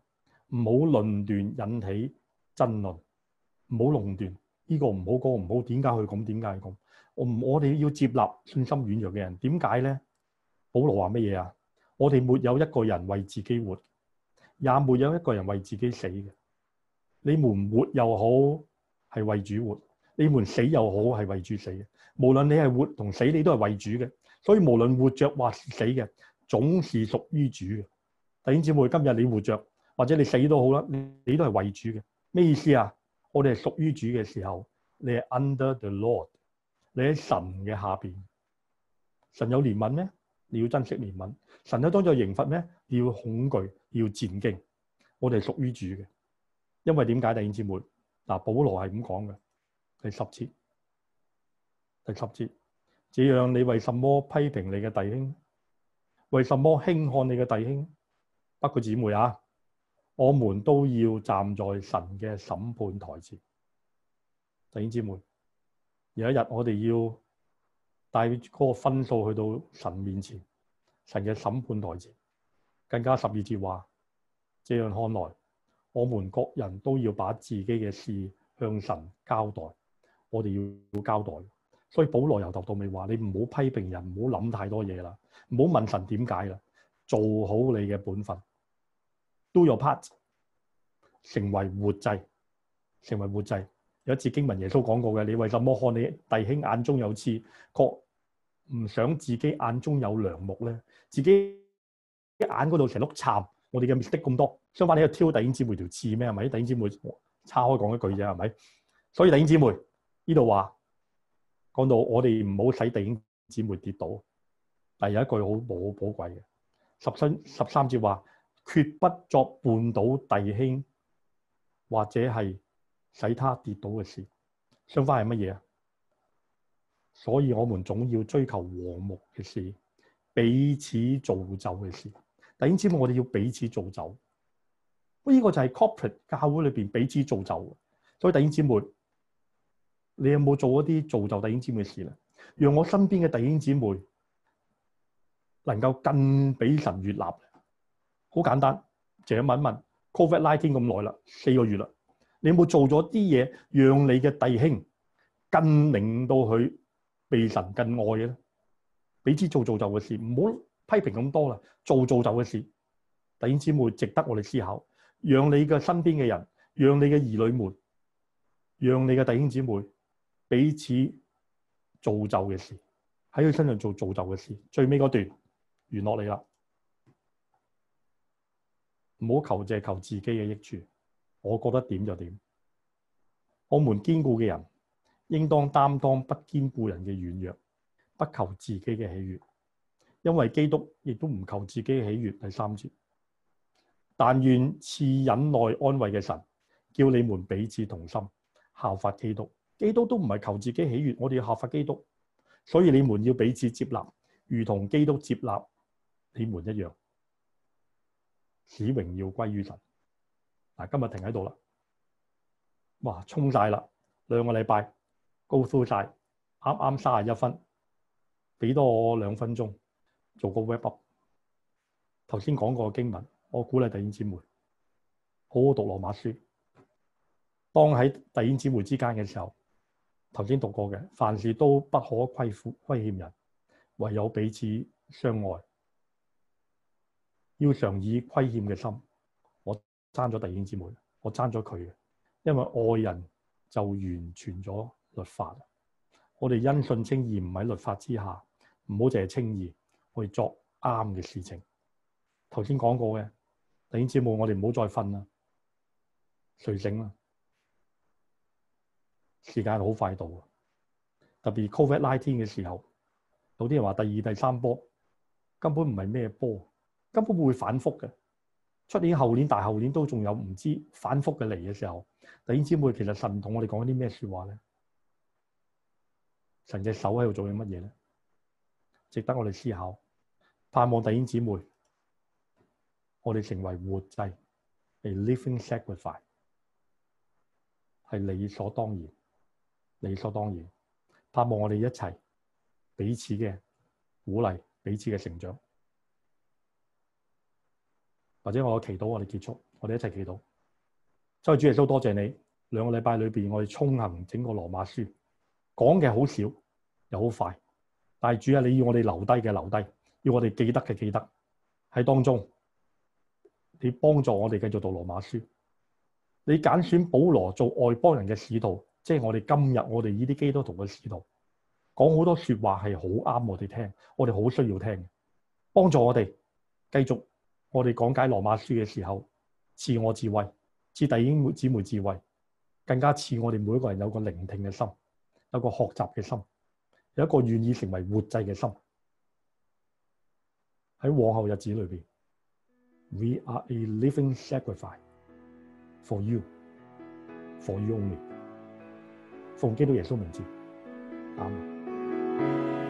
A: 唔好論斷引起爭論，唔好論斷呢、這個唔好嗰個唔好，點解去咁？點解咁？我唔，我哋要接納信心軟弱嘅人。點解呢？保羅話咩嘢啊？我哋沒有一個人為自己活，也沒有一個人為自己死嘅。你們活又好，係為主活；你們死又好，係為主死嘅。無論你係活同死，你都係為主嘅。所以無論活着或是死嘅，總是屬於主嘅。弟兄姐妹，今日你活着或者你死都好啦，你都係為主嘅。咩意思啊？我哋係屬於主嘅時候，你係 under the Lord，你喺神嘅下邊。神有憐憫咩？你要珍惜憐憫，神都當作刑罰咩？你要恐懼，要戰兢。我哋屬於主嘅，因為點解？弟兄姐妹嗱，保羅係咁講嘅，第十節，第十節，這樣你為什麼批評你嘅弟兄？為什麼輕看你嘅弟兄？包括姐妹啊，我們都要站在神嘅審判台前。弟兄姐妹，有一日我哋要。但嗰個分數去到神面前，神嘅審判台前，更加十二節話。這樣看來，我們各人都要把自己嘅事向神交代，我哋要交代。所以保羅由頭到尾話：，你唔好批評人，唔好諗太多嘢啦，唔好問神點解啦，做好你嘅本分。do your part 成為活祭，成為活祭。有一次經文耶穌講過嘅，你為什麼看你弟兄眼中有刺，卻唔想自己眼中有梁木咧？自己眼嗰度成碌杉，我哋嘅面的咁多，相反你喺度挑弟兄姊妹條刺咩？係咪？弟兄姊妹叉開講一句啫，係咪？所以弟兄姊妹呢度話，講到我哋唔好使弟兄姊妹跌倒，但有一句好寶好寶貴嘅，十三十三節話，絕不作絆倒弟兄或者係。使他跌倒嘅事，相反係乜嘢？所以，我們總要追求和睦嘅事，彼此造就嘅事。弟兄姐妹，我哋要彼此造就。呢、這個就係 corporate 教會裏面彼此造就。所以，弟兄姐妹，你有冇做一啲造就弟兄姐妹嘅事呢？讓我身邊嘅弟兄姐妹能夠更比神越立。好簡單，淨係問一問。COVID-19 咁耐啦，四個月啦。你有冇做咗啲嘢，讓你嘅弟兄更令到佢被神更愛嘅咧？彼此做造就嘅事，唔好批評咁多啦。做造就嘅事，弟兄姊妹值得我哋思考。讓你嘅身邊嘅人，讓你嘅兒女們，讓你嘅弟兄姊妹彼此造就嘅事，喺佢身上做造就嘅事。最尾嗰段完落嚟啦，唔好求借求自己嘅益處。我覺得點就點。我們堅固嘅人，應當擔當不堅固人嘅軟弱，不求自己嘅喜悅，因為基督亦都唔求自己嘅喜悅。第三節，但願賜忍耐安慰嘅神，叫你們彼此同心，效法基督。基督都唔係求自己喜悅，我哋要效法基督，所以你們要彼此接納，如同基督接納你們一樣，使榮耀歸於神。今日停喺度啦，哇，沖曬啦，兩個禮拜高呼曬，啱啱三十一分，俾多我兩分鐘做個 wrap up。頭先講過的經文，我鼓勵弟兄姊妹好好讀羅馬書。當喺弟兄姊妹之間嘅時候，頭先讀過嘅，凡事都不可虧負、虧欠人，唯有彼此相愛，要常以虧欠嘅心。爭咗弟兄姊妹，我爭咗佢嘅。因為愛人就完全咗律法。我哋因信稱義，唔喺律法之下，唔好淨係稱義去作啱嘅事情。頭先講過嘅，弟兄姊妹，我哋唔好再瞓啦，睡醒啦，時間好快到的。特別 COVID-19 嘅時候，有啲人話第二、第三波根本唔係咩波，根本不會反覆嘅出年、後年、大後年都仲有唔知反覆嘅嚟嘅時候，弟兄姊妹，其實神同我哋講緊啲咩説話呢？神隻手喺度做緊乜嘢咧？值得我哋思考。盼望弟兄姊妹，我哋成為活祭，被 living sacrifice，係理所當然，理所當然。盼望我哋一齊彼此嘅鼓勵，彼此嘅成長。或者我有祈禱，我哋結束，我哋一齊祈禱。所以主耶穌多謝你，兩個禮拜裏面我哋沖行整個羅馬書，講嘅好少，又好快。但係主啊，你要我哋留低嘅留低，要我哋記得嘅記得喺當中。你幫助我哋繼續讀羅馬書。你揀選保羅做外邦人嘅使徒，即係我哋今日我哋呢啲基督徒嘅使徒，講好多說話係好啱我哋聽，我哋好需要聽。幫助我哋繼續。我哋講解羅馬書嘅時候，賜我智慧，賜弟兄姊妹智慧，更加賜我哋每一個人有個聆聽嘅心，有個學習嘅心，有一個願意成為活祭嘅心。喺往後日子裏邊，We are a living sacrifice for you, for you only, 奉基督耶穌名字，阿們。